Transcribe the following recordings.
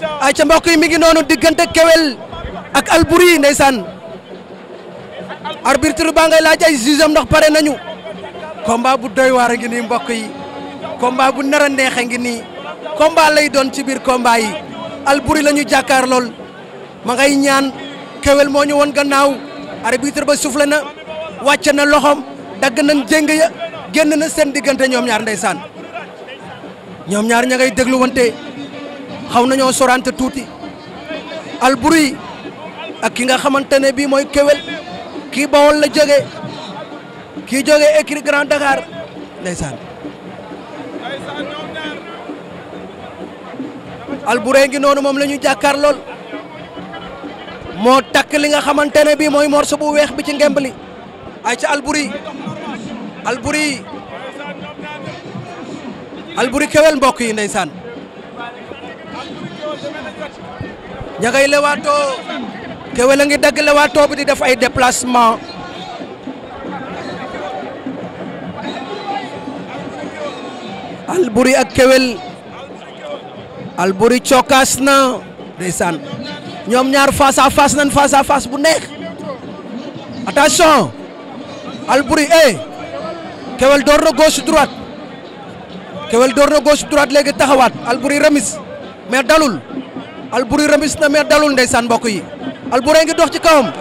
ay ca mbokk yi mi ngi noonu diggante Kewel ak Albouri ndeysaan arbitre baa ngay laaj ay ndax pare nañu combat bu doy waar ngi nii mbokk yi komba bu nar a neexe ngi nii combat lay doon ci biir combat yi Albouri la ñu lool ma ngay ñaan Kewel moo ñu woon gannaaw arbitre ba soufflé na wàcce na loxoom dagg na jéng ya génn na seen diggante ñoom ñaar ndeysaan ñoom ñaar ña ngay déglu wante xaw nañoo sorante tuuti Alboury ak ki nga xamante ne bii mooy kéwél kii Bawol la jóge ki jóge écrit Grand Dakar ndeysaan Alboury ngi noonu moom lañuy ñu lool moo takk li nga xamante ne bii mooy morceau bu weex bi ci ngemb li ay ca Alboury Alboury Alboury Kewel mbokk yi ndeysaan ña ngay lewaatoo Kewel a ngi dagg bi di def ay déplacement Alboury ak Kewel Alboury cokaas na ndeysaan ñoom ñaar face à face nañ face à face bu neex attention Alboury eh Kewel door na gauche droite Kewel door na gauche droite léegi taxawaat Alboury remise mais dalul Alboury remis na mais dalul ndeysaan mbokk yi Alboury ngi dox ci kawam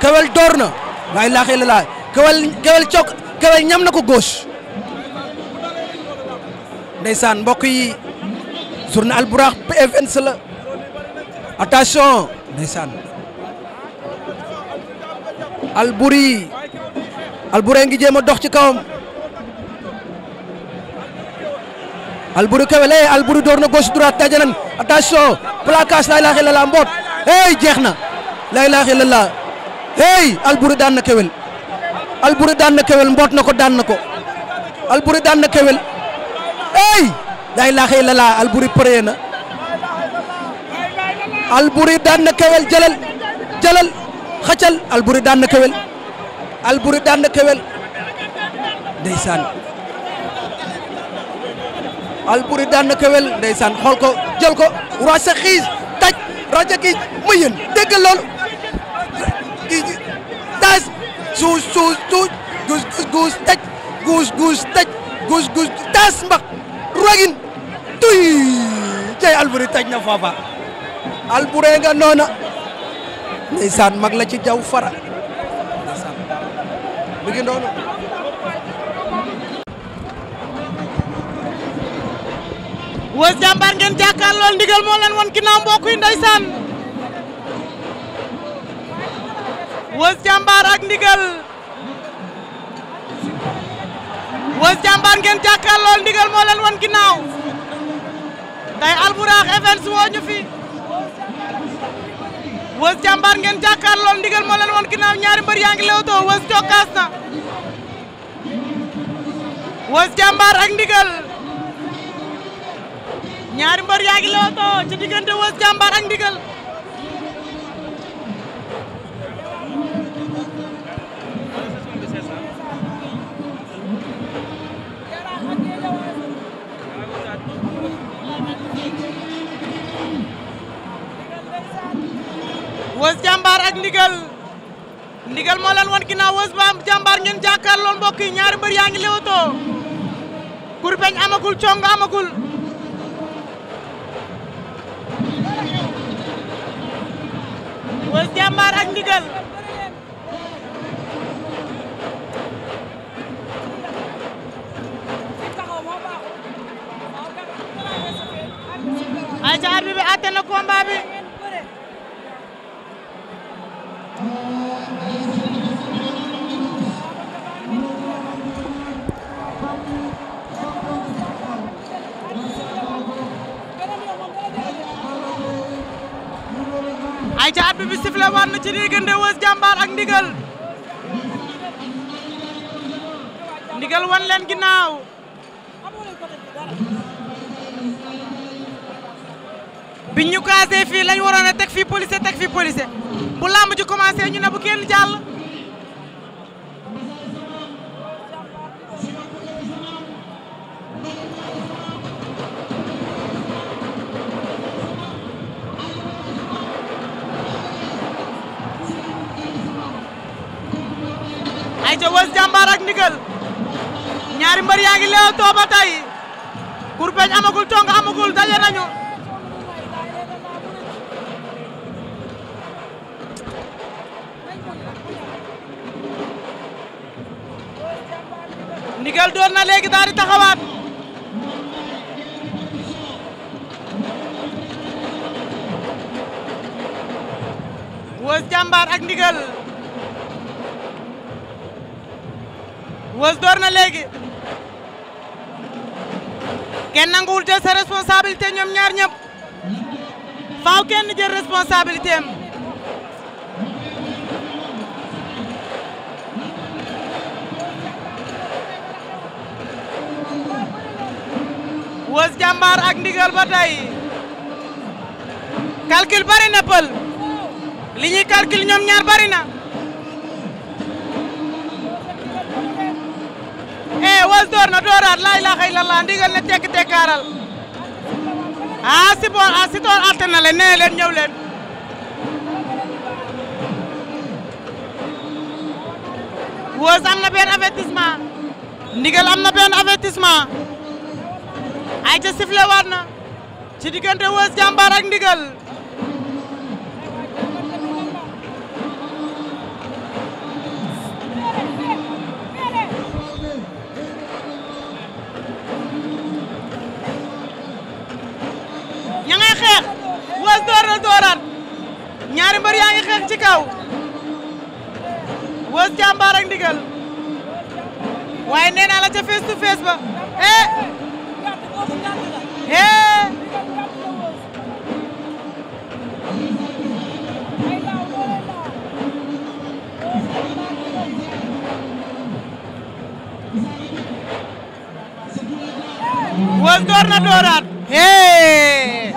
Kewel door na laay laaxee la laay Kewel Kewel cok Kewel ñam na ko gauche ndeysaan mbokk yi journée Albourakh sa la attention ndeysaan Alboury Alboury ngi jéem dox ci kawam Alboury Kewel eh Alboury door na gauche droite daje nañ attention placage laa ilaaha illallah mboot hey jeex na laa ilaaha illallah hey daan na Kewel mboot na ko daan na ko Alboury daan na Kewel hey laa ilaaha illallah Alboury përee daan na Kewel jëlal jëlal xacal Alboury daan na Kewel Alboury daan na Kewel ndeysaan Alboury daan na kewel ndeysaan xool ko jël ko raja xiis taj raja ki ma yën dégg loolu tas suus suus suus guus guus taj guus guus taj guus guus tas mbax rogin tuy cey Alboury taj na faafa Alboury nga noona ndeysaan mag la ci jaw fara ndeysaan mi Weuz jàmbaar ngeen jàkkaar lool ndigal moo leen won ginnaaw mbokk yi ndeysaan Weuz jàmbaar ak ndigal Weuz jàmbaar ngeen jàkkaar lool ndigal moo leen won ginnaaw day Albourakh Events woo ñu fi Weuz jàmbaar ngeen jàkkaar lool ndigal moo leen won ginnaaw ñaari mbër yaa ngi lewtoo Weuz cokkaas na Weuz jàmbaar ak ndigal ñaari mbër yaa ngi leewtoo ci diggante Weuz Jambar ak Ndigal Weuz Jambar ak Ndigal Ndigal moo leen wan ginnaaw Weuz Jambar ngeen jàkkaarloo mbokk yi ñaari mbër yaa ngi leewtoo kurbeñ amagul cong amagul Weuz jàmbaar ak ndigal ay ca arbitre bi àtte na combat bi ca at bi sifle war na ci diggante Weuz Diambar ak Ndigal Ndigal wan leen ginnaaw biñ ñu casé fii lañ waroon a teg fii policier teg fii policier bu làmb ji commencé ñu ne bu kenn jàll mbër ngi leew too ba amagul tong amagul daje nañu ndigël doon na léegi daal di taxawaat Weuz Diambar ak ndigël Weuz door na léegi kenn nanguwul jël sa responsabilité ñoom ñaar ñëpp faaw kenn jël responsabilité am Weuz ak ndigal ba tey calcul bari na pël li ñuy calcul ñoom ñaar bari na Weuz door na dooraat laa ilaaha illallah ndigal ne tekki tekkaaral ah si boor ah si toor atte na nee leen ñëw leen Weuz am na benn avertissement ndigal am na benn avertissement ay ca sifle waat na ci diggante Weuz jàmbaar ak ndigal ñaari mbër yaa ngi xeex ci kaw Weuz jàmbaar ak ndigal face to face ba eh eh Weuz door na dooraat eh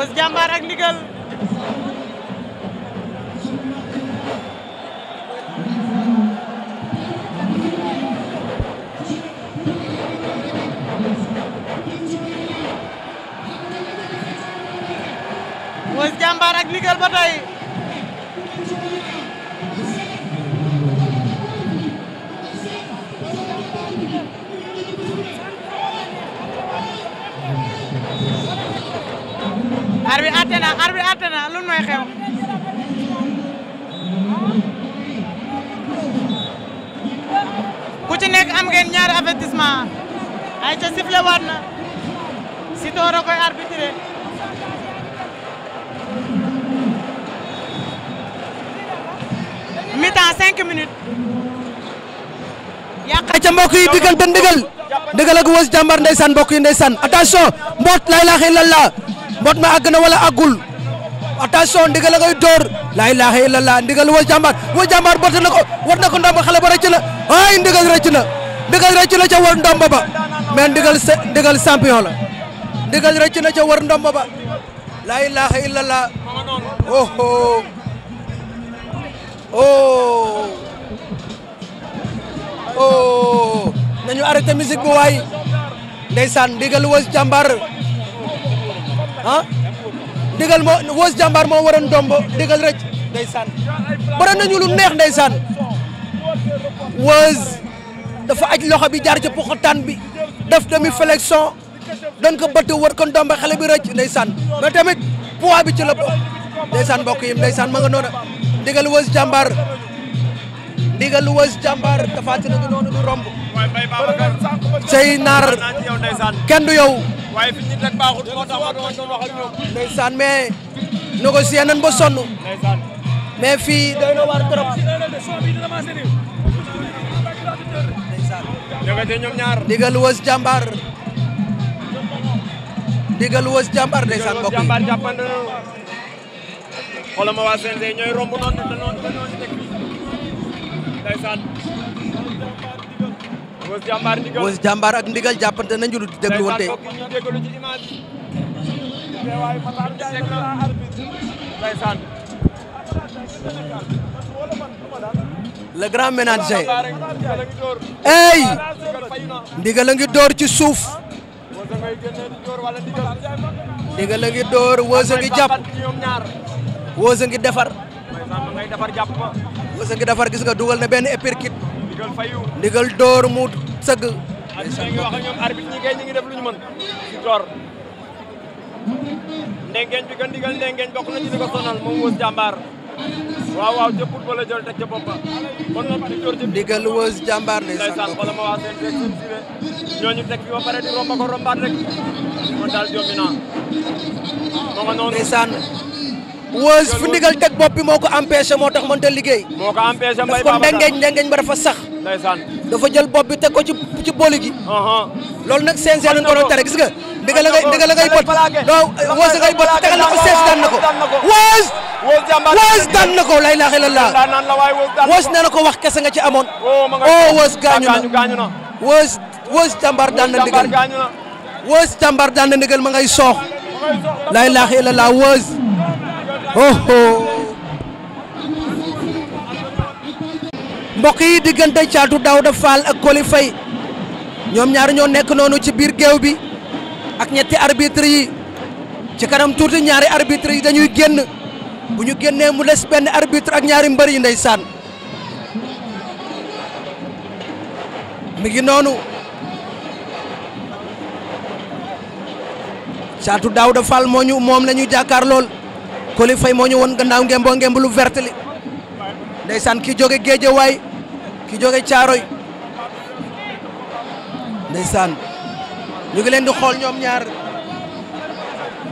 Weuz Diambar ak Ndigal Weuz Diambar ak Ndigal ba tey arbitre atte na arbitre atte na lu mooy xew ku ci nekk am ngeen ñaari avertissement ay ca sifflé waat na Sitor a koy arbitré mi-temps cinq minutes yàqay ca mbokk yi digal ben digal digal ak wës jàmbar ndeysaan mbokk yi ndeysaan attention mboot lay laaxi lalla mbot ma àgg na wala àggul attention ndigal la ngay door la ilaha illallah ndigal wal jàmbaar wal jàmbaar bot na ko war na ko ndomba xale ba rëcc na ay ndigal rëcc na ndigal rëcc na ca war ndomba ba mais ndigal ndigal champion la ndigal rëcc na ca war ndomba ba la ilaha illallah oh oh oh oh nañu arrêté musique bu waay ndeysaan ndigal wal jàmbaar ah ndigal moo woos jàmbaar moo waroon domb ndigal rek ndeysaan bare nañu lu neex ndeysaan woos dafa aj loxo bi jaar ci poxotaan bi def demi flexion doon ko bëtt wër kon domb xale bi rëcc ndeysaan mais tamit poids bi ci la bokk ndeysaan mbokk yi ndeysaan ma nga noona ndigal woos jàmbaar ndigal was jàmbaar Tapha Tine noonu du romb. cey naar kenn du yow. waaye fi ñu rek baaxut moo tax ma doon wax ak ñoom. ndeysaan mais négocier nañ ba sonn. mais fii doy na was jàmbaar. ndigal was jàmbaar ndeysaan mbokk yi. ndeysaan Weuz ndigal Weuz Diambar ak ndigal jàppante nañu lu déglu wante ndeysaan le grand ndigal ngi door ci suuf ndigal a ngi door Weuz ngi jàpp Weuz ngi defar Weuz sëgg defar gis nga dugal na benn épirkit ndigal dóor mu sëgg ngi wax ak ñoom arbitre ñi lu ñu mën si door ndengeñ bi ko ndigal ndengeñ bokk na ci di ko sonal moom wës jàmbaar waaw waaw ca put ba la ma waa seen teg seen siré ñooñu teg di romba ko rombaat rek kon daal joomi naa ma nga wëz fu ndigal teg bopp bi moo ko empêché moo tax mënta liggéey. moo ko empêché mbay ba ndengeñ ndengeñ ba dafa sax. ndeysaan dafa jël bopp bi teg ko ci ci booli uh-huh. nag CNG lañ ko doon tere gis nga. ndigal la ngay ndigal na ko sees daan na ko. wax kese nga ci amoon. o oh, oh, wëz gaañu na wëz wëz jàmbaar daan na ndigal. wëz jàmbaar daan na ndigal ma ngay soox. lay laaxi la laa oho mbokk yi diggante Thiatou Daouda Fall ak Coly ñoom ñaari ñoo nekk noonu ci biir géew bi ak ñetti arbitre yi ci kanam tuuti ñaari arbitre yi dañuy génn bu ñu génnee mu des benn arbitre ak ñaari mbër yi ndeysaan mi ngi noonu Thiatou Daouda Fall moo ñu moom la ñu jàkkaar lool Coly fay moo ñu woon gannaaw ngemboo ngemb lu vert li ndeysaan ki jóge Géejawaay ki jóge Caaroy ndeysaan ñu ngi leen di xool ñoom ñaar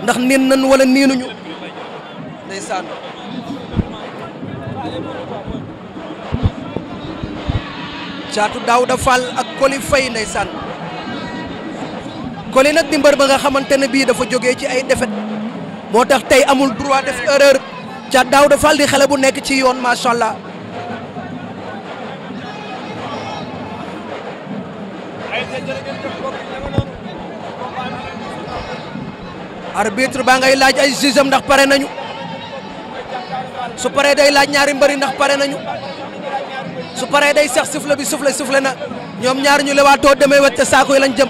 ndax niin nan wala niinuñu ndeysaan caatu Daouda Fall ak koli fay Faye ndeysaan Coly nag di mbër ba nga xamante ne bii dafa jóge ci ay defet moo tax tey amul droit def erreur ca daaw dafa di xale bu nekk ci yoon macha allah. arbitre baa ngay laaj ay jugeem ndax pare nañu su paree day laaj ñaari mbëri ndax pare nañu su paree day sax sufle bi sufle sufle na ñoom ñaar ñu lewaatoo demee wette saako yi lañ jëm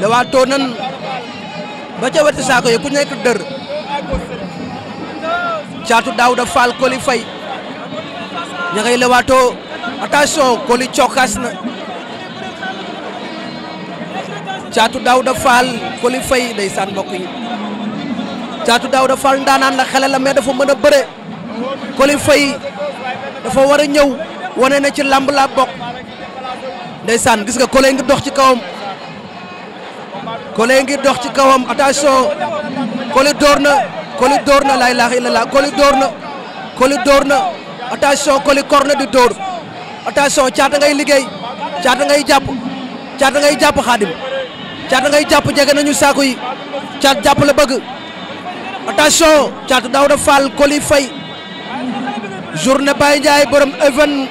lewaatoo nan ba ca wetu saako yi ku nekk dër caatu Daouda Fall Coly Faye ña ngay lewaatoo attention Coly cokkaas na caatu Daouda Fall fay Faye ndeysaan mbokk yi caatu Daouda Fall ndaanaan la xale la mais dafa mën a bëre Coly Faye dafa war a ñëw wane na ci lamb laa bokk ndeysaan gis nga Coly ngi dox ci kawam Coly ngir dox ci kawam attention Coly door na Coly door na laa ilaaha illallaah kole door na Coly door na attention Coly kor na di door attention caata ngay liggéey caata ngay jàpp caata ngay jàpp xaadim caata ngay jàpp jege nañu saako yi caat jàpp la bëgg attention caata Daouda Fall Coly Faye journée Baye Ndiaye borom even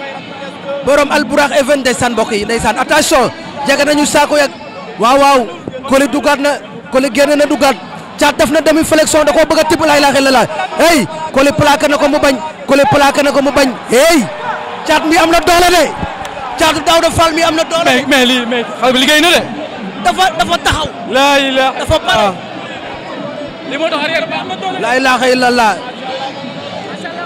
borom alburax even ndeysaan bokk yi ndeysaan attention jege nañu saako yak waaw waaw Coly dugaat na Coly génn na dugaat caat def na demi flexion da koo bëgg a tibb laa ilaaha illallaah hey Coly plaqué na ko mu bañ ko mu bañ hey caat mi am na doole de caatu Daouda Fall mi am na doole. mais mais lii mais xale bi liggéey na de. dafa taxaw. laa ilaaha dafa pare. Ah.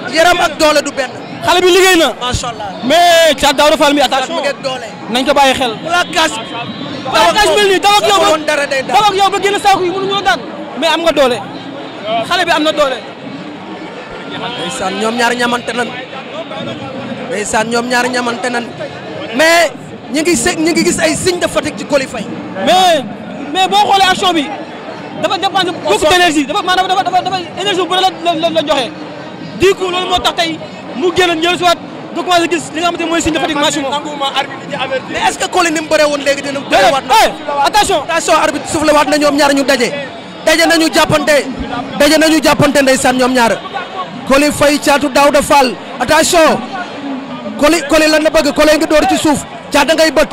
li yaram ak doole du benn. xale bi liggéey na. macha allah mais caat Daouda Fall mi attention nañ ko bàyyi xel. avantage mel nii daw ak yow ba génn saako yi mënuñoo daan mais am nga doole xale bi am na doole ndeysaan ñoom ñaar ñamante nan ndeysaan ñoom ñaar ñamante nan mais ñi ngi se ñi ngi gis ay signe de fatigue ci qualify mais mais boo xoolee action bi dafa dépendre beaucoup d'énergie dafa maanaam dafa dafa énergie bu bëri la la joxe. du loolu moo tax tey mu génn ñëw si waat nga commencé gis li nga xamante ne mooy signe que Coly ni mu bëree woon léegi dina bëree waat na attention attention arbitre suuf la waat na ñoom ñaar ñu daje daje nañu jàppante daje nañu jàppante ndeysaan ñoom ñaar Coly Faye caatu Daouda Fall attention Coly Coly lan la bëgg Coly ngi door ci suuf caata ngay bët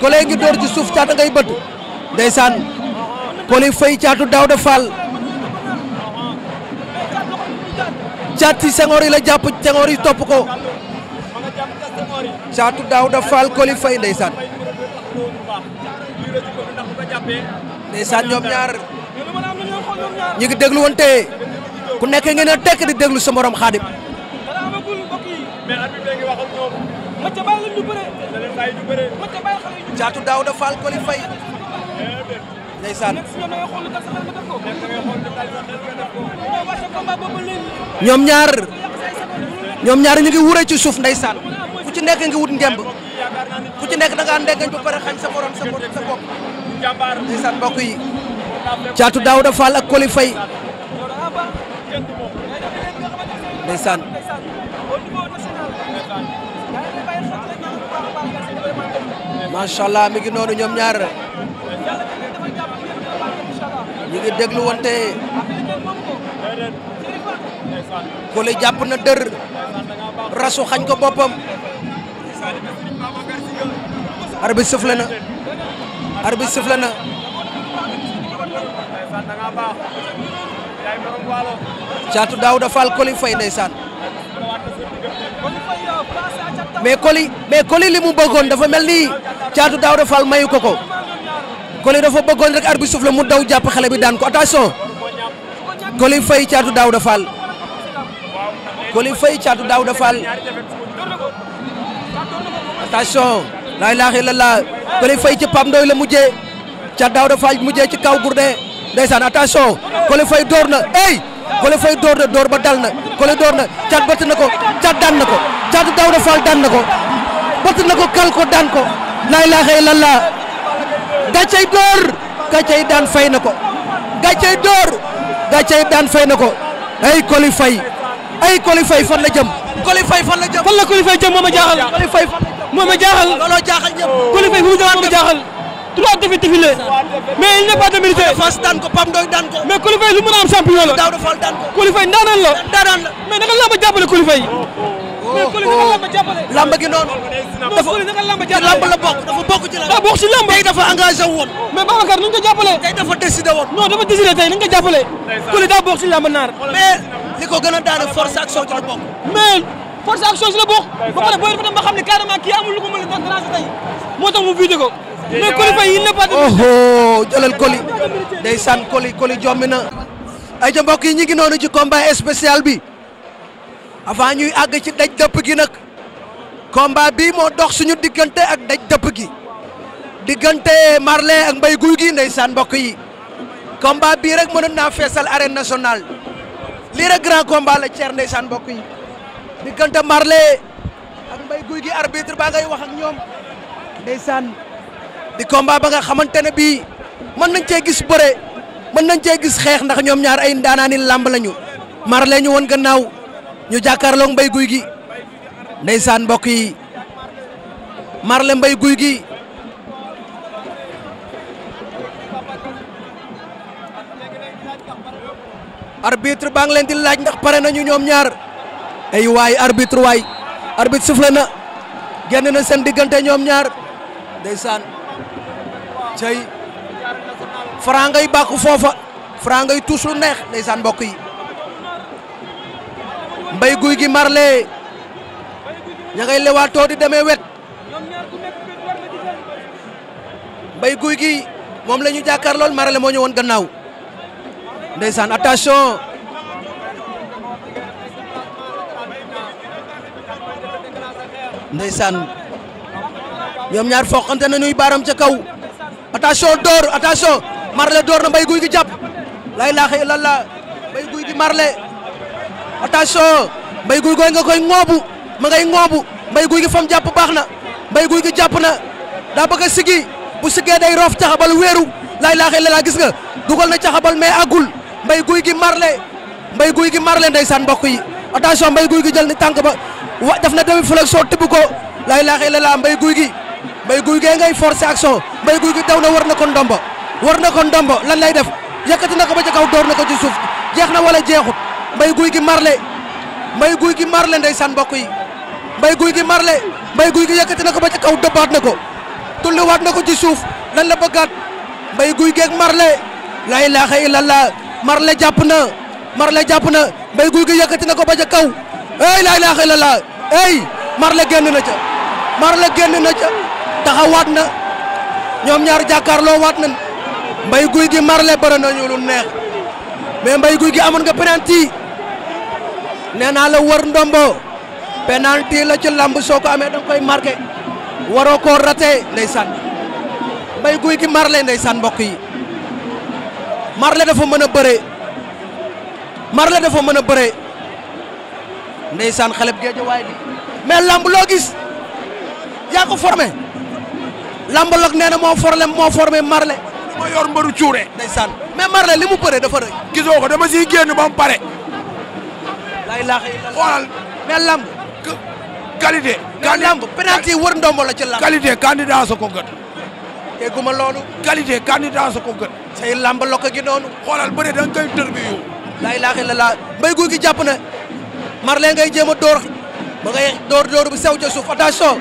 Coly ngi door ci suuf caata ngay bët ndeysaan Coly Faye caatu Daouda Fall caati sengoor yi la jàpp sengoor yi topp ko caatu Daouda Fall Coly Faye ndeysaan ndeysaan ñoom ñaar ñu ngi déglu woon te ku nekk ngeen a tekk di déglu sa morom xaadim caatu Daouda Fall Coly Faye ndeysaan ñoom ñaar ñoom ñaar ñu ngi wure ci suuf ndeysaan ku ci nekk nga wut ngemb ku ci nekk da ngaa ndengañ ba pare xañ sa morom sa bopp sa bopp mbokk yi caatu Daouda Fall ak Coly Faye ndeysaan macha allah mi ngi noonu ñoom ñaar ñu ngi déglu wante Coly jàpp na dër rasu xañ ko boppam arbitre sëfle na arbitre sëfle na caatu Daouda Fall Coly Faye ndeysaan mais Coly mais Coly li mu bëggoon dafa mel ni caatu Daouda Fall mayu ko ko Coly dafa bëggoon rek arbitre sëfle mu daw jàpp xale bi daan ko attention Coly Faye caatu Daouda Fall Coly Faye caatu Daouda Fall attention laa ilaaha illallah Coly Faye ci Pape Ndoye la mujjee ca Daouda Fall mujjee ci kaw Gourdin ndeysaan attention Coly Faye door na ey Coly Faye door na door ba dal na Coly door na cat bëtt na ko ca daan na ko cat Daouda Fall daan na ko bëtt na ko kal ko daan ko laa ilaaha illallah gàccey door gàccey daan fay na ko gàccey door gàccey daan fay na ko ay Coly Faye ay Coly fan la jëm Coly fan la jëm fan la Coly jëm moom a jaaxal moo ma jaaxal. looloo jaaxal ñëpp. fu mu jëlaat moo ma jaaxal. trois défaites défilées mais il n'est pas de mérite. Fass ko lu mën a am la. Daouda Fall daan ko. kilifa yi ndaanaan la. ndaanaan la mais naka laa ma jàppale kilifa yi. mais oh, kilifa naka laa ma jàppale. Oh. làmb gi noonu. dafa làmb la daa bokk ci tey dafa engagé woon. mais ko jàppalee. tey dafa décidé daa bokk ci làmb naar. mais li ko gën a daane force action ci la bokk. force ak chose la bokk pare booy dafa dem ba xam ne carrément kii amul lu ko mën a déranger tey moo tax mu vidé ko mais Coly Faye yi neppa oho oh, jëlal Coly ndeysaan Coly Coly jommi na ay ca mbokk yi ñu ngi noonu ci combat spécial bi avant ñuy àgg ci daj dëpp gi nag combat bi moo dox suñu diggante ak daj dëpp gi diggante Marley ak Mbaye gi Gui ndeysaan mbokk yi combat bii rek mënoon naa feesal arène nationale lii rek grand combat la Thierno ndeysaan mbokk yi diggante Marley ak Mbaye guy gi arbitre baa ngay wax ak ñoom ndeysaan di combat ba nga xamante ne bii mën nañ cee gis bëre mën nañ cee gis xeex ndax ñoom ñaar ay ndaanaani làmb lañu Marley ñu woon gannaaw ñu jàkkaarloog mbay guy gi ndeysaan mbokk yi Marley mbay guy gi arbitre baa ngi leen di laaj ndax pare nañu ñoom ñaar ay waay arbitre waay arbitre soufflé na génn na seen diggante ñoom ñaar ndeysaan cey Franc ngay foofa Franc ngay tuus lu neex ndeysaan mbokk yi mbay guy gi marle ña ngay di demee wet mbay guy gi moom lañuy ñu jàkkaar lool marle moo ñu gannaaw ndeysaan attention ndeysaan ñoom ñaar foqante nañuy baaram ca kaw attention door attention Marley door na Mbaye Gouy Gui jàpp la ilaha illallah Mbaye Gouy Gui Marley attention Mbaye Gouy Gui nga koy ŋoobu ma ngay ŋoobu Mbaye Gouy Gui fam jàpp baax na Mbaye Gouy Gui jàpp na daa bëgg a sigi bu sigee day roof caxabal wéeru la ilaha illallah gis nga dugal na caxabal mais agul Mbaye Gouy Gui Marley Mbaye Gouy Gui Marley ndeysaan mbokk yi attention Mbaye Gouy gi jël ni tànk ba wa def na demi flexion tibb ko lay laax la laa mbay guy gi mbay guy gee ngay forcé action mbay guy gi daw na war na ko ndombo war na ko ndombo lan lay def yëkkati na ko ba ca kaw door na ko ci suuf jeex na wala jeexut mbay guy gi marle mbay guy gi marle ndeysaan mbokk yi mbay guy gi marle mbay guy gi yëkkati na ko ba ca kaw dëbbaat na ko tulliwaat na ko ci suuf lan la bëggaat mbay guy geeg marle lay laax la laa marle jàpp na marle jàpp na mbay guy gi yëkkati na ko ba ca kaw ey laa ilaaha illallah ey Marley génn na ca Marley génn na ca taxawaat na ñoom ñaar jàkkaarloo waat nañ mbay guy gi Marley bëri nañu lu neex mais mbay guy gi amoon nga penalty nee naa la war ndombo tii la ci lamb soo ko amee da nga koy marqué waroo koo raté ndeysaan mbay guy gi Marley ndeysaan mbokk yi Marley dafa mën a bëre Marley dafa mën a bare ndeysaan xale bu géej waaye bi mais lamb loo gis yaa ko lamb loog nee na moo formé moo formé Marley. moo yor mbaru cuure. ndeysaan mais Marley li mu bëree dafa rëy. gisoo ko dama siy génn ba pare. lay laaxee la la laa mbéy gi jàpp na. Marley ngay jéem a door ba ngay door bu sew ca suuf attention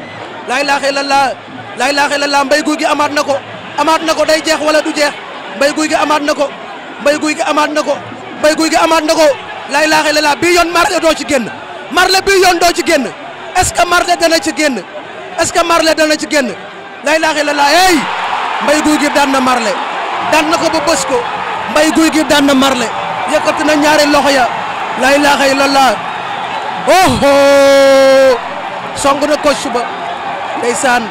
laay laaxee lan laa laay laaxee lan laa mbay guy gi amaat na ko amaat na ko day jeex wala du jeex mbay guy gi amaat na ko mbay guy gi amaat na ko mbay guy gi amaat na ko laay laaxee lan laa bii yoon Marley doo ci génn Marley bii yoon doo ci génn est-ce que Marley dana ci génn est-ce que Marley dana ci génn laay laaxee lan laa hey mbay guy gi daan na Marley daan na ko ba bës ko mbay guy gi daan na Marley yëkkati na ñaari loxo ya laay laaxee lan laa oh song na ko suba ndeysaan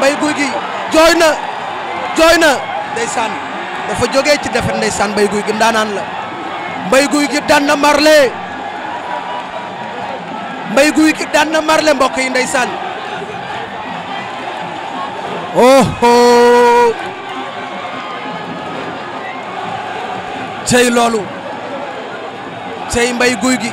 mbay guy gi jooy na jooy na ndeysaan dafa jóge ci defet ndeysaan mbay guy gi ndaanaan la mbay guy gi daan na marle mbay guy gi daan marle mbokk yi ndeysaan oh cey loolu sey mbay guy gi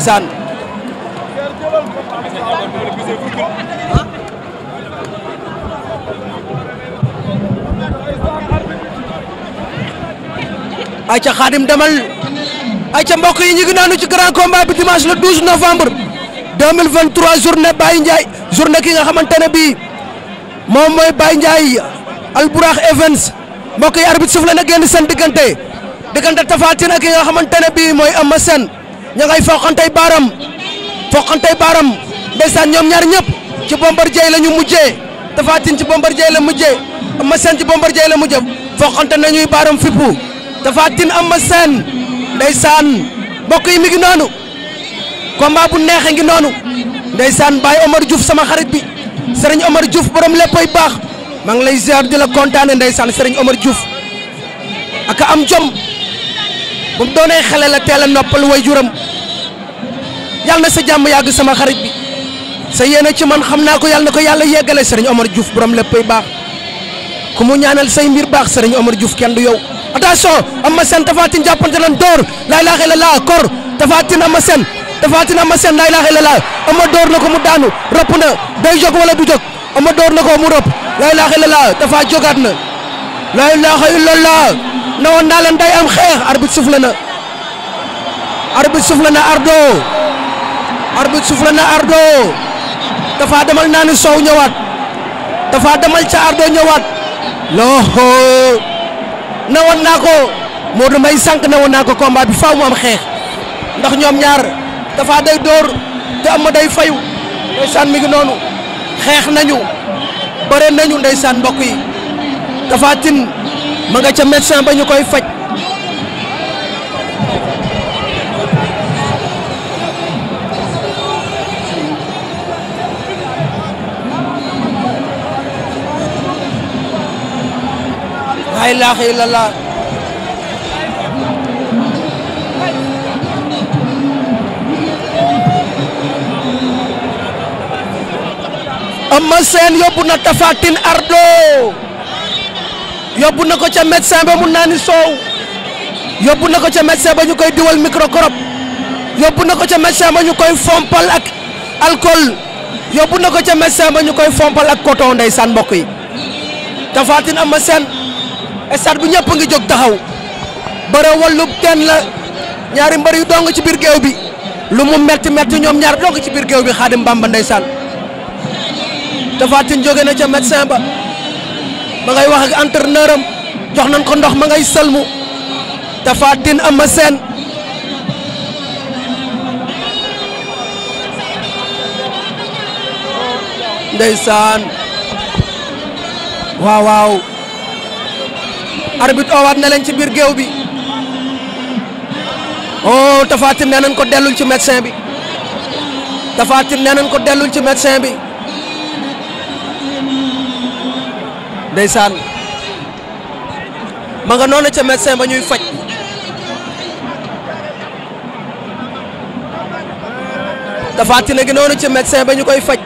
ndeysaan ayca xaadim demal ayca mbokk yi ñu ngi naanu ci grand combat bi dimanche le 12 novembre 2023 journée Baye Ndiaye journée ki nga xamante ne bii moom mooy Baye Ndiaye Albourakh Events mbokk yi arbitre suuf la na génn seen diggante diggante Tapha Tine ak ki nga xamante ne bii mooy Eumeu sen ña ngay foqantey baaram foqantey baaram ndeysaan ñoom ñaar ñëpp ci Bombardier la ñu mujjee Tapha Tine ci Bombardier la mujjee Eumeu Sène ci Bombardier la mujjee foqante nañuy baaram fippu Tapha Tine Eumeu Sène ndeysaan mbokk yi mi ngi noonu combat bu neexe ngi noonu ndeysaan Baye Omar Diouf sama xarit bi Serigne Omar Diouf borom léppay baax maa ngi lay ziar di la kontaane ndeysaan Serigne Omar Diouf aka am jom bu mu doonee xale la teel a noppal way juram yàlla na sa jàmm yàgg sama xarit bi sa yéene ci man xam naa ko yàlla na ko yàlla yeggale sëriñ Omar Diouf borom léppay baax ku mu ñaanal say mbir baax sëriñ Omar Diouf kenn du yow. attention Ama Sène Tapha Tine jàppante nañ door laa ilaaha illallaah kor Tapha Tine Ama Sène Tapha Tine Ama Sène laa ilaaha illallaah Ama door na ko mu daanu rëpp na day jóg wala du jóg Ama door na ko mu rëpp laa ilaaha illallaah Tapha jógaat na laa ilaaha illallaah ne woon naa leen day am xeex la na arbitre na arbitre soufflé na Ardo dafa demal naa ni Sow ñëwaat dafa demal ca Ardo ñëwaat loxo newoon naa ko Modou Mbaye sànq newoon naa ko combat bi faaw mu xeex ndax ñoom ñaar dafa day dóor te am ma day fayu ndeysaan mi ngi noonu xeex nañu bëre nañu ndeysaan mbokk yi dafa tin ma nga ca médecin ba ñu koy faj ilaha illallah Eumeu Sène yóbbu na Tapha ardo yóbbu na ko ca médecin ba mu naani soow yóbbu na ko ca médecin ba ñu koy diwal microcorop yóbbu na ko ca médecin ba ñu koy fompal ak alcool yóbbu na ko ca médecin ba ñu koy fompal ak coton ndeysaan mbokk yi Tapha Tine Eumeu stade bu ñëpp ngi jóg taxaw bëre wallub teen la ñaari mbër yu dong ci biir géew bi lu mu metti metti ñoom ñaar dong ci biir géew bi Xaadim mbamba ndeysaan Tapha Tine jóge na ca médecin ba ma ngay wax ak entraîneur am jox nañ ko ndox ma ngay sëlmu Tapha Tine Eumeu Sène ndeysaan waaw waaw arbitre oowaat na leen ci biir géew bi oh Tapha Tine nañ ko dellul ci médecin bi Tapha Tine nañ ko dellul ci médecin bi ndeysaan ma nga noonu ca médecin ba ñuy faj Tapha Tine gi noonu ci médecin ba ñu koy faj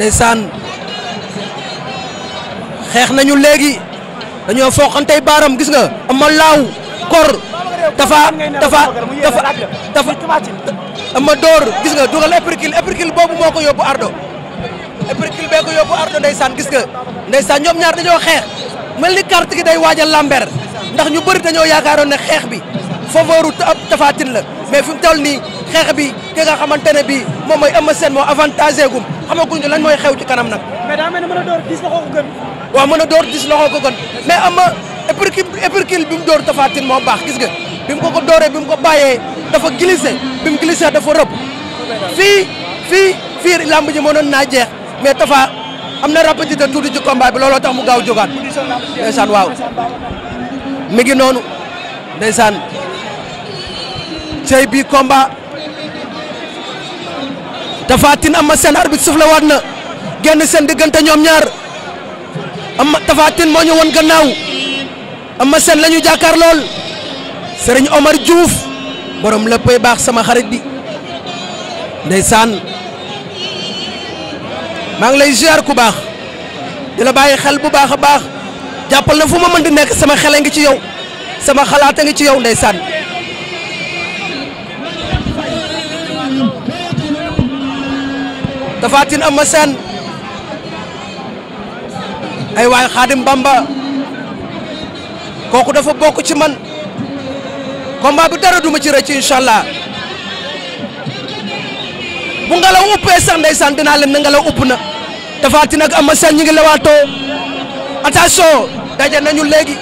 ndeysaan xeex nañu léegi dañoo foqantey baaram gis nga ama laaw kor tafa tafa tafa tafa ama door gis nga dugal épricule épricule boobu moo ko yóbbu ardo épricule bee ko yóbbu ardo ndeysaan gis nga ndeysaan ñoom ñaar dañoo xeex mel ni carte gi day waaj a lamber ndax ñu bëri dañoo yaakaaroon ne xeex bi faveur u Tapha la mais fi mu toll nii xeex bi ki nga xamante ne bii moom mooy Eumeu Sène moo avantage gum xamaguñu lan mooy xew ci kanam nag. mais daa ne mën a door dis loxo ko gën. waaw mën a door dis loxo ko gën mais Eumeu épercule bi mu door Tapha Tine moo baax gis nga bi mu ko ko dooree bi ko bàyyee dafa glissé bi mu glissé dafa rëbb. fii fii fii làmb mo mënoon naa jeex mais Tapha am na rapidité tuuti ci combat bi looloo tax mu gaaw jógaat. ndeysaan waaw mi ngi noonu ndeysaan cey bi combat. am ma Eumeu Sène arbitre la waat na genn seen diggante ñoom ñaar am Tapha Tine moo ñu won gannaaw Eumeu Sène la ñu jàkkaar lool Serigne Omar Diouf borom léppay baax sama xarit bi ndeysaan maa ngi lay ziar ku baax di la bàyyi xel bu baax a baax jàppal na fu ma mën di nekk sama xel a ngi ci yow sama xalaat a ngi ci yow sànn Tapha Tine Eumeu Sène ay waay Xaadim Bamba kooku dafa bokk ci man combat bi dara duma ci rëcc incha allah bu ngelaw uppee sax ndeysaan dinaa leen ne ngelaw upp na Tapha ak Eumeu Sène ngi lewaatoo attention daje nañu léegi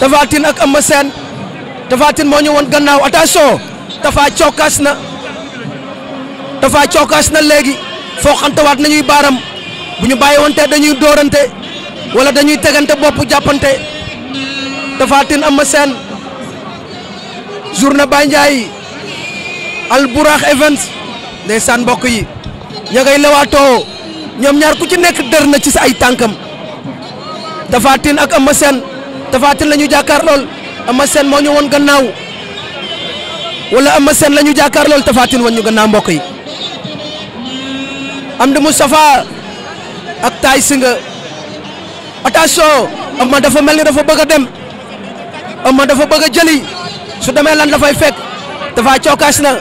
Tapha Tine ak Eumeu Sène Tapha moo ñu woon gannaaw attention Tapha cokkaas na dafa cookaas na léegi foo xantawaat nañuy baaram bu ñu bàyyi wante dañuy doorante wala dañuy tegante bopp jàppante dafa tin am seen journée Baye Ndiaye Albourakh Events ndeysaan mbokk yi ña ngay lewaatoo ñoom ñaar ku ci nekk dër na ci sa ay tànkam dafa tin ak am seen dafa tin la ñu jàkkaar lool am seen moo ñu won gannaaw wala am seen la ñu jàkkaar lool dafa tin won ñu gannaaw mbokk yi am Amdi Moustapha ak Tay Singa attention Ama dafa mel ni dafa bëgg a dem Ama dafa bëgg a jëli su demee lan dafay fekk dafa cookaas na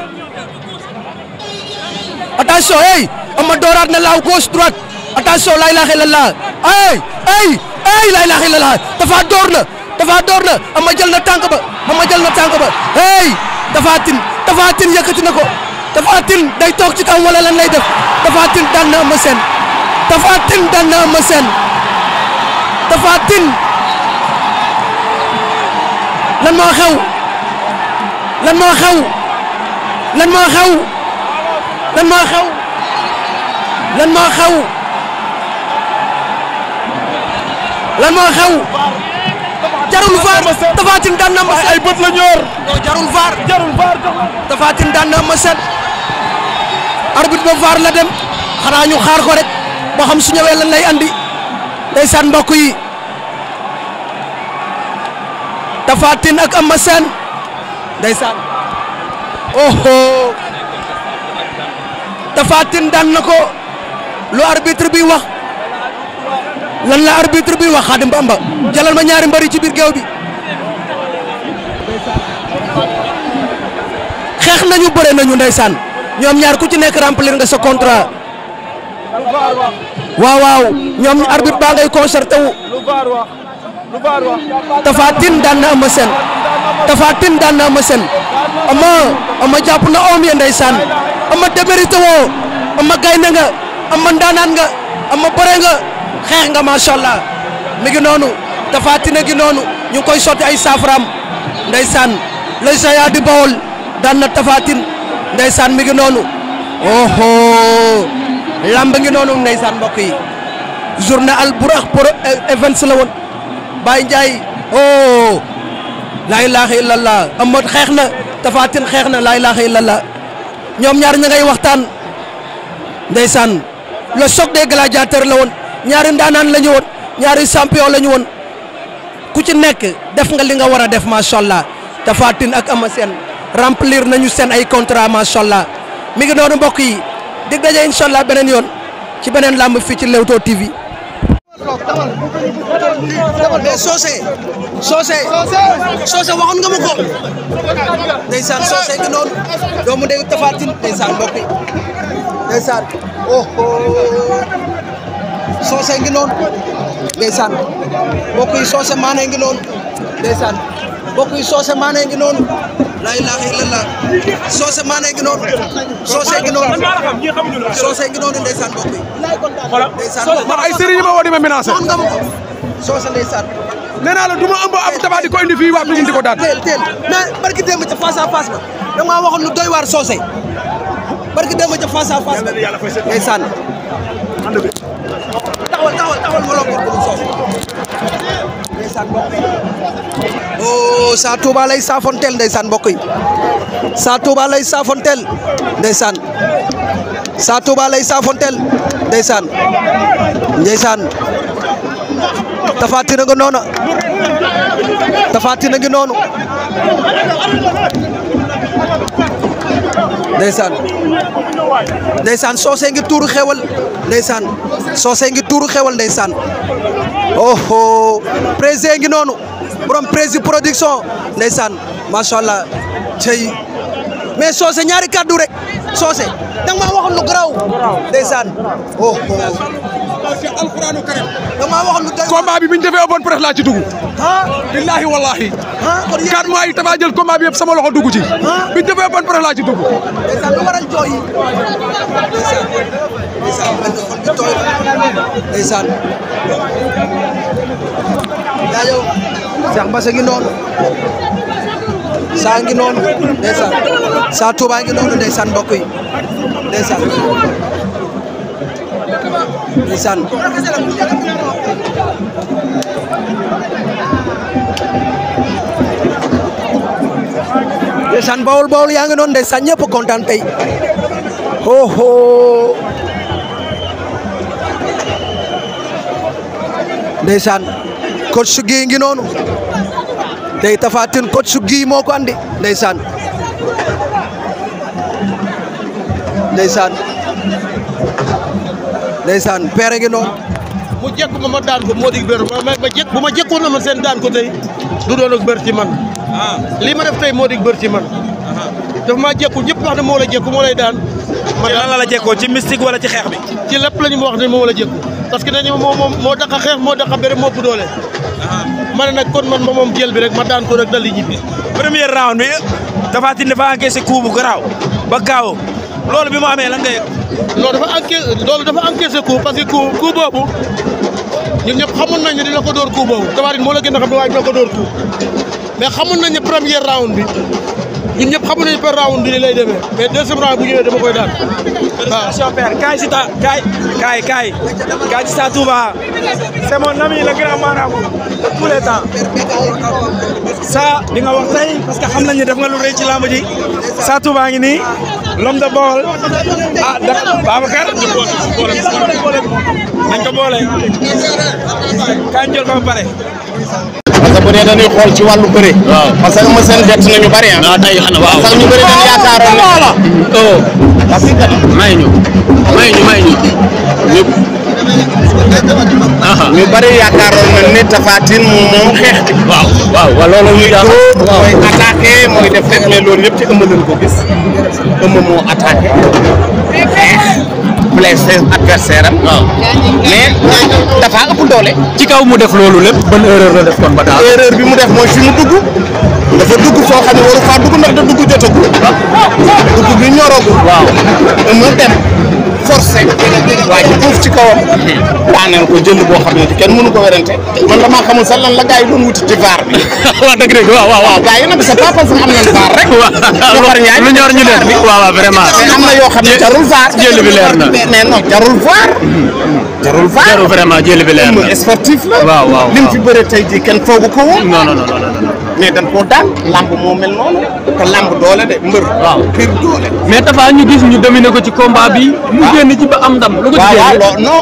attention hey Ama dooraat na laaw gauche droite attention laa ilaaha illallah ay ay ay laa ilaaha illallah dafa door na dafa door na Ama jël na tànk ba Ama jël na tànk ba hey dafa tin dafa tin yëkkati ko. Tapha Tine day toog ci kaw wala lan lay def Tapha Tine daan na Eumeu Sène Tapha Tine daan na Eumeu Sène Tapha Tine lan moo xew lan moo xew lan moo xew lan moo xew lan moo xew lan moo xew jarul vaar Tapha Tine daan na Eumeu Sène ay bët la ñor jarul vaar jarul vaar Tapha Tine daan na Eumeu Sène arbitre ba vaar la dem xanaa ñu xaar ko rek ba xam su ñëwee lan lay andi ndeysaan mbokk yi Tapha Tine ak Eumeu Sène ndeysaan oho Tapha daan na ko lu arbitre bi wax lan la arbitre bi wax Xaadim Bamba jalal ma ñaari mbari ci biir géew bi xeex nañu bëre nañu ndeysaan ñoom ñaar ku ci nekk remplir nga sa contrat waaw waaw ñoom arbitre baa ngay concerté wu Tapha daan na Eumeu Sène daan na Eumeu ama ama jàpp na oom ya ndeysaan ama démérité woo ama gaynde nga ama ndaanaan nga ama bëre nga xeex nga macha allah mi ngi noonu Tapha ñu koy sotti ay saafaraam ndeysaan le géant du Baol daan na Tapha ndeysaan mi ngi noonu oho lamb ngi noonu ndeysaan mbokk yi journée al burax pro events la woon Baye Ndiaye oh laa ilaaha illallah amat xeex na tafaatin xeex na laa ilaaha illallah ñoom ñaar ña ngay waxtaan ndeysaan le choc des gladiateurs la woon ñaari ndaanaan la ñu woon ñaari champion la ñu woon ku ci nekk def nga li nga war a def macha allah tafaatin ak ama seen remplir nañu seen ay contrat macha allah mi ngi noonu mbokk yi dig daje incha allah beneen yoon ci beneen làmb fi ci Leewtoo TV. mais Socé Socé Socé waxoon nga ma ko ndeysaan Socé nga noonu doomu ndey Tapha Tine ndeysaan mbokk yi ndeysaan oh oh mbokk yi Socé maanee maanee ngi noonu laa ilaaha illallah soose maanee ngi noonu soose ngi noonu soose ngi noonu ndeysaan mbokk yi ndeysaan man ay sëriñ ma woo a ma menacé soose ndeysaan nee naa la du ma ëmb ab tabax di ko indi fii waa Pikine di ko daan teel teel mais barki démb ca face à face ba da nga waxoon lu doy waar soose barki démb ca face à face ba ndeysaan ndeysaan mbokk oh saa Touba lay saafontel ndeysaan mbokk yi oh, saa Touba lay saafontel ndeysaan saa Touba lay saafontel ndeysaan ndeysaan Tapha Tine nga noonu Tapha Tine ngi noonu ndeysaan ndeysaan soose ngi tuur xewal ndeysaan soose ngi tuuru xewal ndeysaan oho président ngi noonu borom prési production ndeysaan macha allah tey mais soose ñaari kaddu rek soose danga maa waxoon lu garaaw ndeysaan oho ci alquranu bi biñ defee open press laa ci dugg billahi wallahi quatre mois yi taba jël combat bi yëpp sama loxo dugg ci biñ defee open press laa ci dugg ndeysaan lu waral jooy yi ndeysaan xol bi ngi noonu saa ngi noonu ndeysaan saa Touba ndeysaan ndeysaan bawol bawol yaa ngi noonu ndeysaan ñëpp kontaan tey ho ho ndeysaan coach su gii ngi noonu tey Tapha Tine coach su moo ko andi ndeysaan ndeysaan ndeysaan peere ngi noonu mu jekk ma ma daan ko moo di bér ma jekk bu ma jekkoon na ma seen daan ko tey du doon ak bër ci man lii ma def tey moo di bër ci man dafa maa jekku ñëpp wax ne moo la jekku moo lay daan ma lan la la jekkoo ci mystique wala ci xeex bi ci lépp la ñu ma wax ne moo la jekku parce que dañu moo moom moo daqa xeex moo daqa bëre moo doole ma ne nag kon man ma moom jël bi rek ma daan ko rek dal li ñibbi premier round bi Tapha Tine dafa encaissé coup bu garaaw ba kaaw loolu bi loolu dafa encaissé loolu dafa encaissé coup parce que coup boobu ñun ñëpp xamoon nañ ne dina ko dóor coup boobu Tapha moo la gën a xam ne waaye dina ko dóor coup mais xamoon nañ ne premier round bi ñun ñëpp xamoon nañ premier round bi ni lay demee mais deuxième round bu ñëwee dama koy daan waaw. station père kaay si ta kaay kaay kaay kaay sa Touba c'est mon ami le grand marabout de tous les parce que xam nañ ne nga lu rëy ci làmb ji. Sa Touba ngi nii l'homme de Bawol ah da Babacar nañ ko boole kañ jël ko pare parce que bu dee dañuy xool ci wàllu bëre parce que ma seen bett nañu bari ah waaw tey xanaa waaw parce que ñu bëri dañu yaakaaroon ne oh parce que xeex waaw waaw loolu ñu mooy attaqué mooy def rek mais loolu yëpp ci ëmb lañ ko gis ëmb moo attaqué blessé adversaire am mais dafa ëpp doole ci kaw mu def loolu lépp ban erreur la def ba daal erreur bi mu def mooy fi mu dugg dafa dugg foo xam waru faa dugg ndax da dugg jotagul dugg bi ñoragul waaw ëmb dem waaye ci tuuf ci kawam daaneel ko jënd boo xam ne kenn mënu ko werante man damaa xamul sax lan la gars yi doon wuti ci vaar bi waaw dëgg dëgg waaw waaw waaw gars yi nag c'est pas parce que am nañ vaar rek lu ñor ñu leen waaw waaw vraiment am na yoo xam ne jarul vaar jël bi leer na mais non jarul vaar jarul vaar jarul vraiment jël bi leer na sportif la waaw waaw lim fi bëre tey jii kenn foogu ko woon non non non mais dañ koo daan lamb moo mel noonu te lamb doole de mbër. waaw doole. mais Tapha ñu gis ñu dominé ko ci combat bi. mu génn ci am ndam. lu ko ci génne waaw non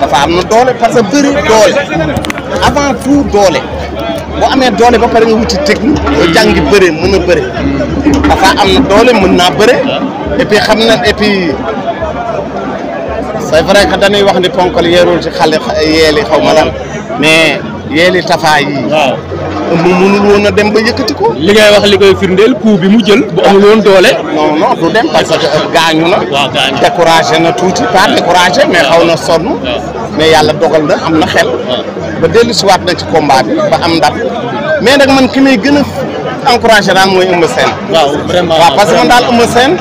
dafa am na doole parce que bëri doole avant tout doole boo amee doole ba pare nga wuti technique. nga jàngi bëre mën a bëre. dafa am na doole mën naa bëre. et xam na et puis. c'est vrai que dañuy wax ni ponkal yeerul ci xale yeeli xaw ma lan mais. yeeli tafaay yi. mu munul woon a dem ba yëkkati ko. li ngay wax li koy firndeel pour bi mu jël. bu amul doole. non du dem parce que gaañu na. découragé na tuuti pas découragé mais xaw na sonn. mais yàlla dogal na am na xel. ba dellusiwaat na ci combat bi ba am ndam. mais nag man ki may gën a encouragé daal mooy Eumeu Sène. waaw vraiment waaw parce que man daal Eumeu Sène.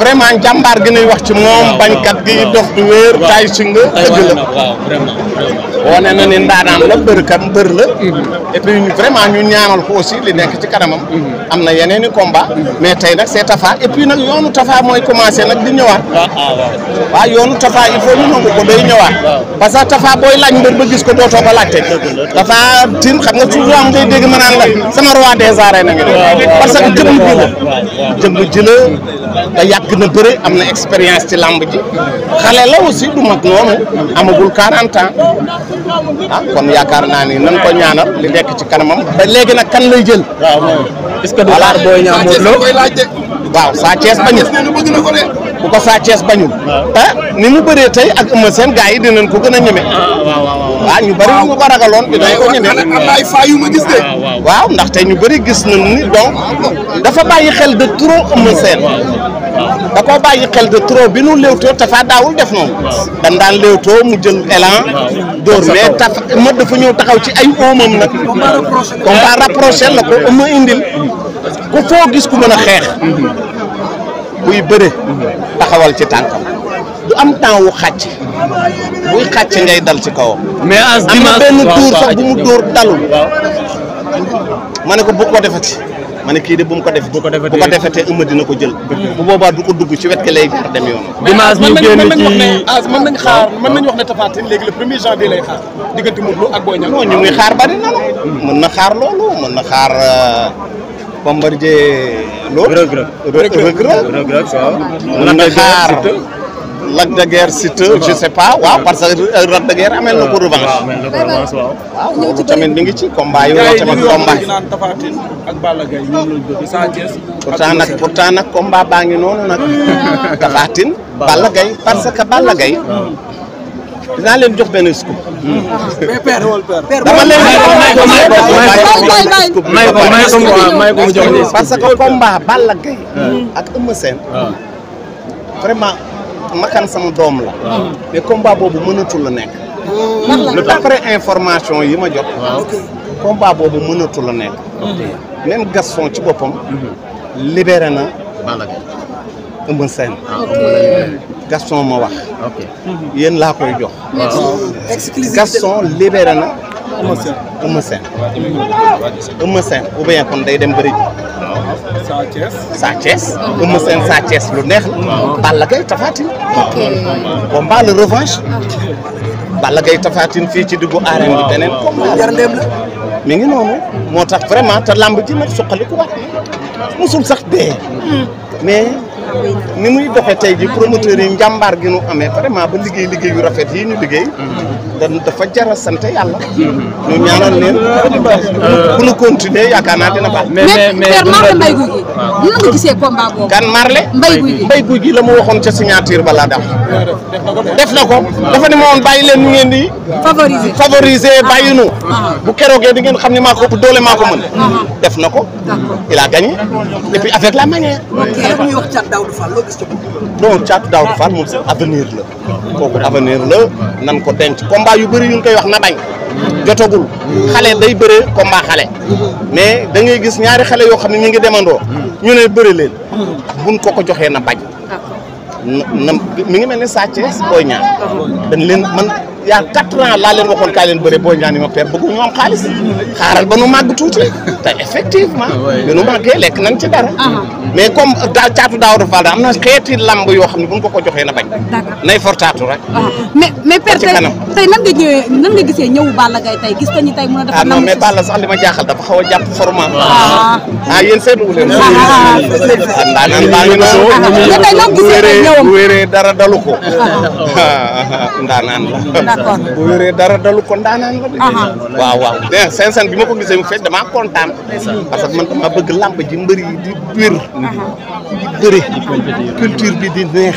vraiment jàmbaar gi ñuy wax ci moom. bañkat gi dox du wéer. waaw tay si nga dëgg la wane na ne ndaanaan la mbërkat mbër la mhm. et puis vraiment ñu ñaanal ko aussi li nekk ci kanamam mhm. am na yeneen i combat mais tey nag c'est Tapha et puis nag yoonu Tapha mooy commencé nag di ñëwaat ah, ah, waaw yoonu Tapha il faut ñu nangu ko day parce que Tapha booy laaj mbër ba gis ko dootoo ko laajte Tapha tim xam nga souvent ngay dégg ma naan la sama roi des arènes na ngi parce que jëmm ji la jëmm te yàgg na am na expérience ci làmb ji xale la aussi du mag noonu amagul 40 ans ah, kon yaakaar naa ni nan ko ñaanal li nekk ci kanamam te léegi nag kan lay jël. waaw est-ce que voilà booy ñaar Modou Lo waaw Sa Thiès bañul bu ko Sa Thiès bañul. te ah, ni mu bëree tey ak seen Sène gars yi dinañ ko gën a ñeme. Ah, waaw ah, ñu bëri ñu ko ragaloon. Ah, waaw dinañ ko ñemee am waaw ndaxte ñu bëri gis nañ ni donc dafa bàyyi xel de trop Eumeu Sène. da koo bàyyi xel de trop bi nu léewtoo Tapha daawul def noonu. dan daan léewtoo mu jël élan. dóor mais Tapha ma dafa ñëw taxaw ci ay oomam nag. combat rapproché la ko Eumeu indil. ku foo gis ku mën a xeex. buy mm-hmm. bëre. Mm-hmm. taxawal ci tànkam. am temps wu xàcc buy xàcc ngay dal ci kawam. mais di am na benn tour sax bu mu dóor dalul. ma ne ko bu ko defati ma ne kii de bu mu ko def bu ko defetee ëmb dina ko jël. bu boobaa du ko dugg ci wet ki lay gar dem yoon. dimanche ñu génn ci mën nañ xaar mën nañ wax ne Tapha Tine léegi le premier janvier lay xaar diggante Modou Lo ak la. mën na xaar loolu mën na xaar. Euh, Bombardier loolu. rëg rëg rëg rëg rëg rëg Lac de Guiers Siteu je sais pas waaw parce que Lac de Guiers amel na ko revanche. waaw waaw loolu tamit mi ngi ci combat yooyu. waaw tamit combat yi naan nag combat baa ngi noonu nag. Tapha Tine parce que Balla dinaa leen jox benn scoop. makan sama doom la. mais combat boobu mënatul la nekk. lu tax après information yi ma jot. Ah, combat boobu mënatul la nekk. même Gaston ci boppam. libéré na. Balla Gaye Eumeu ah, ma wax. ok yéen laa koy jox. Ah. Gaston libéré na. Eumeu Sène Eumeu Sène. Eumeu kon day dem bëri Sa Thiès. Sa Thiès. Eumeu lu neex la. Balla Gaye Tapha Tine. ok combat la revanche. Balla Gaye Tapha fii ci diggu arène bi beneen combat ngi noonu moo tax vraiment te lamb ji nag suqali ku wax musul sax dee. Hmm. mais. ni muy doxee tey ji promoteurs yi njàmbaar gi ñu amee vraiment ba liggéey liggéey yu rafet yi ñu liggéey. dafa jara sant yàlla. ñu ñaanal leen. bu ñu continuer yaakaar naa na baax. mais mais mais Père Marley Mbaye Gouy Gui. waaw nan nga gisee combat boobu. kan Marley. Mbaye la mu waxoon ca signature balaa daal. def na ko dafa ne ma woon bàyyi leen ñu ngeen di. favoriser favoriser ah. bàyyi nu. Ah. bu keroogee di ngeen xam ne maa ko ëpp doole maa ko ah. def na ko. il a Daouda Fall loo gis ca non caatu Daouda Fall moom avenir la. kooku avenir la nan ko denc combat yu bëri yu ñu koy wax na bañ. jotagul xale day bëree combat xale. mais da ngay gis ñaari xale yoo xam ne ñu ngi demandoo. ñu ne bëri leen. buñ ko ko joxee na bañ. na mi ngi mel ne Sa Thiès Boy Niang dañ leen man. y' a quatre ans laa leen waxoon kaa leen boo ñaan ma père bëggu ñoom xaalis xaaral ba nu màgg tuuti te effectivement bi nu màggee lekk nañ ci dara mais comme daa caatu daaw dafa am na xeeti lamb yoo xam ne bu ko ko joxee na bañ nay fortaatu rek mais mais père tey nan nga ñëwee nan nga gisee ñëw gis nañu tey mën a dafa non mais Balla sax li ma jaaxal dafa xaw a jàpp format ah yéen seetlu leen ndaa naan baa ngi noonu wéree dara ko ndaa naan d'accord boo yoree dara dalu ko ndaanaan la. waaw waaw mais bi ma ko gisee mu fekk damaa kontaan. parce que man bëgg làmb ji mbëri yi di wér. di bëri culture bi di neex.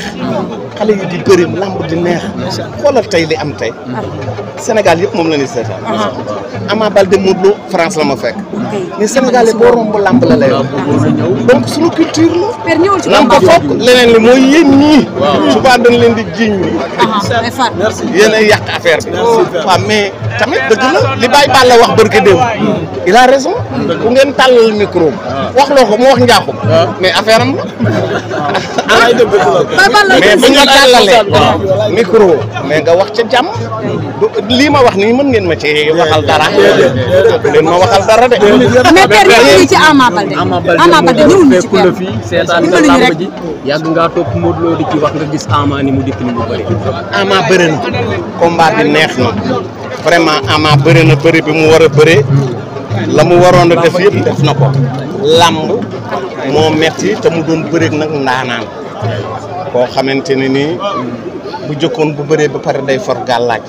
xale yi di bëri lamb di neex. xoolal tey li am tey. Sénégal yëpp moom la ñuy seetaan. Ama Baldé Modou Lo France la ma fekk. mais Sénégal yi boo romb lamb la lay wax. donc suñu culture la. per ñëwul ci lamb foog leneen li mooy yéen ñii. waaw souvent dañ leen di jiiñ. merci yéen a yàq affaire bi. waaw mais. tamit dëgg la li Baye la wax barke déew il a raison ku ngeen tàllal micro wax loo ko mu wax njaaxum mais affaire am la mais bu ñu micro mais nga wax ca jàmm lii ma wax nii mën ngeen ma ci waxal dara leen ma waxal dara de mais père ñu ngi ci Ama Baldé Ama Baldé ñëwul ñu ci ngaa topp Modou Lo ci wax nga gis Ama ni mu dikk ni mu bëri Ama neex na vraiment Ama bëri na bëri bi mu war a bëree la mu waroon a def yëpp def na ko làmb moo metti te mu doon bëri nag ndaanaan koo xamante ne nii bu jëkkoon bu bëree ba pare day for gàllaaj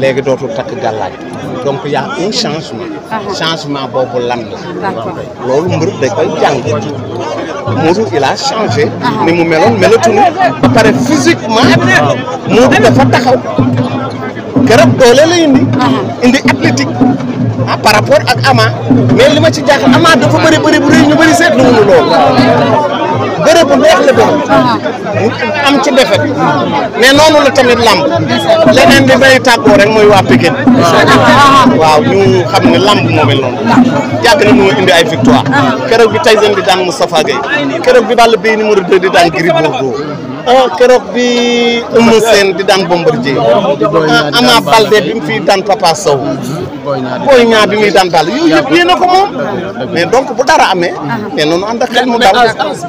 léegi dootu takk gàllaaj donc y a changement ah. changement boobu lan la loolu mbër da koy jàng Modou il a changé ah. ni mu meloon melatuñu ba pare physiquement ah. Modou dafa taxaw garab doole la indi. indi athlétique ah ak ama mais li ma ci jaaxal ama dafa bëri bëri bu rëy ñu bëri seetlu mu lool bëri bu neex la doon. am ci defet mais noonu la tamit lamb leneen li may tàggoo rek mooy waa Pikine. waaw ñu xam ne lamb moo mel noonu. na mu indi ay victoire. keroog bi Tyson di daan Moustapha Gueye keroog bi Balla Bèye numéro 2 di daan Gris Bordeaux. ah keroog bi Eumeu Sène di daan Bombardier Ama Baldé bi mu fi daan Papa Sow Boy Niang bi muy daan daal yooyu yëpp yéen a ko moom mais donc bu dara amee mais noonu ànd ak xel mu dal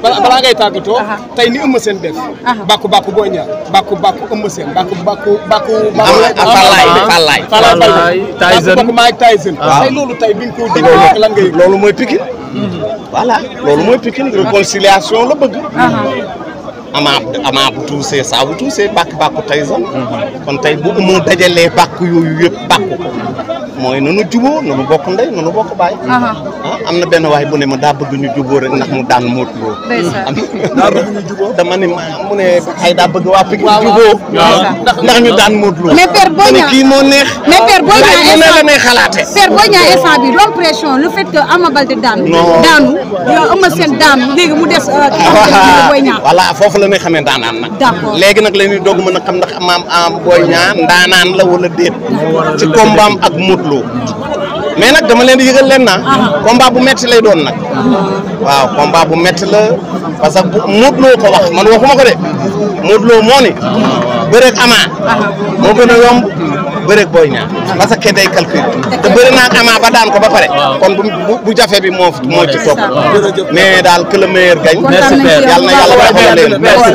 balaa ngay tàggatoo tey ni Eumeu Sène def bàkku bàkku Boy Niang bàkku bàkku Eumeu Sène bàkku bàkku bàkku Falaye Falaye Tyson loolu tey bi nga ko dégg lan ngay loolu mooy Pikine mhm. voilà la bëgg amaa amaa bu tuusee saa bu tuusee bàkk bakku tey sax kon tey bu amoo dajalee bàkk yooyu yëpp bàkk ko mooy nanu juboo nanu bokk ndey nanu bokk baay. Ah, am na benn waay bu ne ma daa bëgg ñu juboo rek ndax mu daan moot loo. ñu ne ma mu ne ay daa bëgg waa Pikine juboo. Ah, ndax ñu daan moot loo. mais père Boy Niang kii moo neex. mais bi doon pression le fait que Ama Baldé daanu. daanu yow euh, foofu la ñuy xamee daanaan nag. d'accord léegi nag mën xam ndax maam am ndaanaan la wala déet ci kombaam ak moot Lo mais nag dama leen di yëgal leen na combat bu metti lay doon nag waaw combat bu metti la parce que Modou Lo ko wax man waxuma ko de Modou Lo moo ni bëreeg Ama a yomb bëreeg Boy Niang parce que day calcul te bëri ba daan ko ba pare kon bu jafe bi moo moo ci topp mais daal que le meilleur na yàlla defal leen merci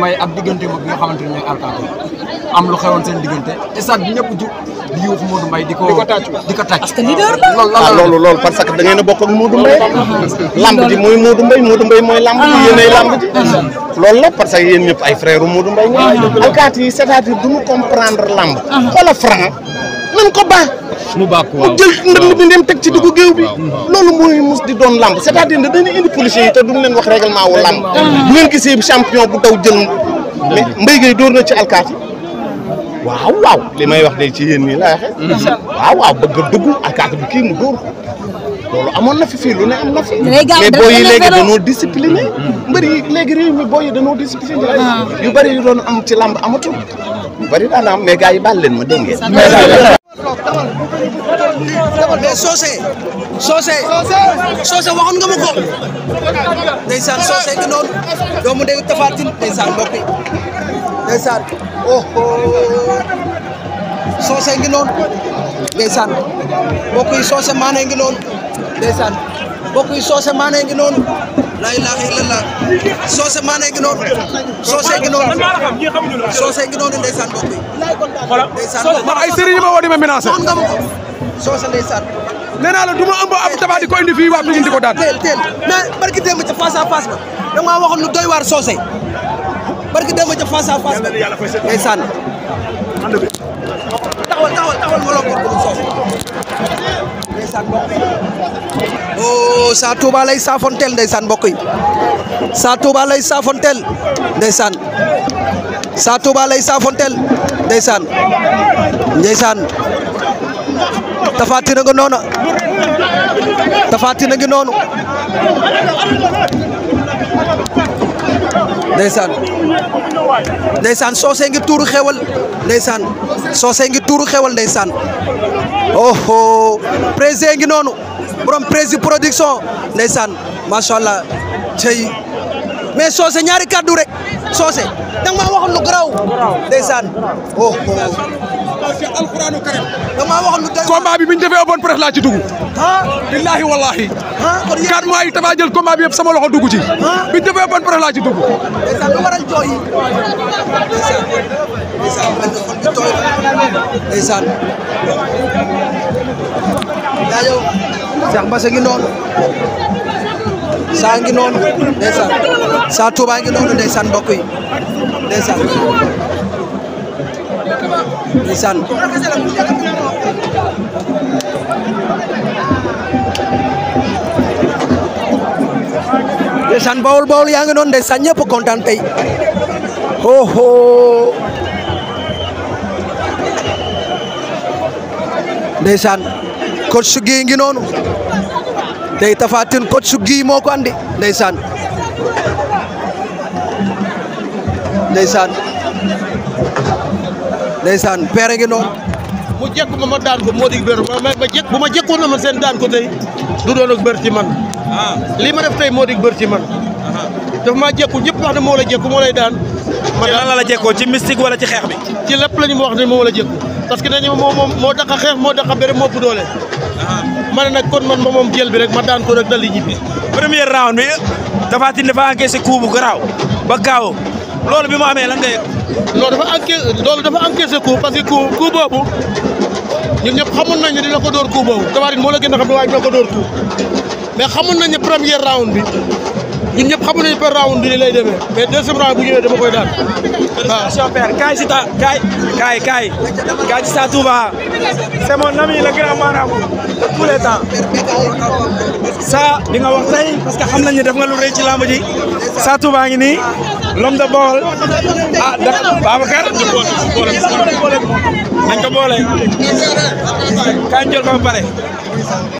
May ak diggante bi nga xamante ne am lu xewoon seen diggante stade ñëpp di yuux Modou ko. di ko tàcc di ko tàcc. Ah, loolu loolu parce que da ngeen a bokk ak Modou Mbaye. Ah. lamb ji mooy Modou Mbaye Modou Mbaye mooy lamb ji yéenay lamb ji. Ah. loolu la parce que yéen ñëpp ay frère Modou Mbaye ñoom. alkaat yi cest à du mu comprendre lamb. xoola franc nan ko baax. mu baax waaw mu jël ndënd bi dem teg ci diggu géew bi. loolu mooy mus di doon lamb c'est-à-dire ne dañuy indi policiers yi te duñ leen wax règlement wu lamb. bu ngeen gisee champion bu daw jël mais Mbaye Gueye na ci alkaat waaw waaw li may wax de ci yéen ñi laa waxe mm-hmm. waaw waaw bëgg a dugg alkaati bi kii mu dóor ko amoon na fi fii lu ne am na fi. mais léegi dañoo discipliné. Mm-hmm. yi léegi réew mi booy yi dañoo discipliné. Ah. yu bëri am ci làmb amatul. yu bëri daan yi baal leen ma dégg ngeen. mais Socé Socé Socé waxoon nga ma ko. ndeysaan Socé noonu doomu dégg Tapha Tine ndeysaan soose ngi noonu ndeysaan mbokk yi soose maane ngi noonu ndeysaan mbokk yi soose maane ngi noonu la ilaha illallah soose maane ngi noonu soose ngi noonu soose ngi noonu ndeysaan mbokk yi ndeysaan man ay sëriñ ma woo di ma menacé soose ndeysaan naa la du ma ëmb ab tabax di ko indi fii waa Pikine di ko daan teel teel mais barki démb ci face à face ba da waar soose barke démb ca face à face ba ndeysaan taxawal taxawal taxawal ma loo ko bu ndeysaan mbokk yi oh saa Touba lay saafonteel ndeysaan mbokk saa Touba lay saafonteel ndeysaan ndeysaan ndeysaan tafaatina nga noona tafaatina ngi noonu ndeysaan ndeysaan soose ngi tuuru xewal ndeysaan soose ngi tuuru xewal ndeysaan oho président ngi noonu borom président production ndeysaan macha allah cey mais soose ñaari kàddu rek soose danga maa waxoon lu garaaw ndeysaan oho danga maa waxoon lu combat bi bi ñu defee open presse laa billaahi wallaahi quatre mois yi Tapha jël combat bi sama loxo dugg ci bi ñu defee ban pare laa ci dugg ndeysaan yaa yow Cheikh Mbass ngi noonu saa ngi noonu ndeysaan saa Touba ngi noonu ndeysaan mbokk yi ndeysaan ndeysaan ndeysaan bawol bawol yaa ngi noonu ndeysaan ñëpp kontaan tey ho ho ndeysaan coach su ngi noonu tey Tapha Tine coach su gi moo ko andi ndeysaan ndeysaan ndeysaan pere ngi noonu mu jekk ma ma daan moo di bér ma ma bu ma jekkoon ma seen daan ko du doon ak bér lii ma def tey moo di bër ci man daf maa jekku ñëpp wax ne moo la jekku moo lay daan man lan la la jekkoo ci mystique wala ci xeex bi ci lépp la ñu ma wax ne moo la jekku parce que dañu moo moom moo tax a xeex moo tax a bëre moo ëpp doole uh-huh. ma ne nag kon man ma moom jël bi rek ma daan ko rek dal di ñibbi premier round bi Tapha Tine dafa encaissé coup bu garaaw ba gaaw loolu bi ma amee lan nga yëg non dafa encaissé loolu dafa parce que coup coup ñëpp xamoon nañ ko dóor coup boobu Tapha Tine mais xamoon nañu premier round bi bi li lay demee mais deuxième round bu ñëwee dama koy daan. félicitations père kaay si ta kaay kaay kaay kaay si ta Touba c'est mon ami le grand marabout de tous les temps sa parce que xam nañ ne lu rëy ci lamb ji sa Touba ngi ni l'homme de Bawol ah da Babacar nañ ko boole kañ jël ko ba pare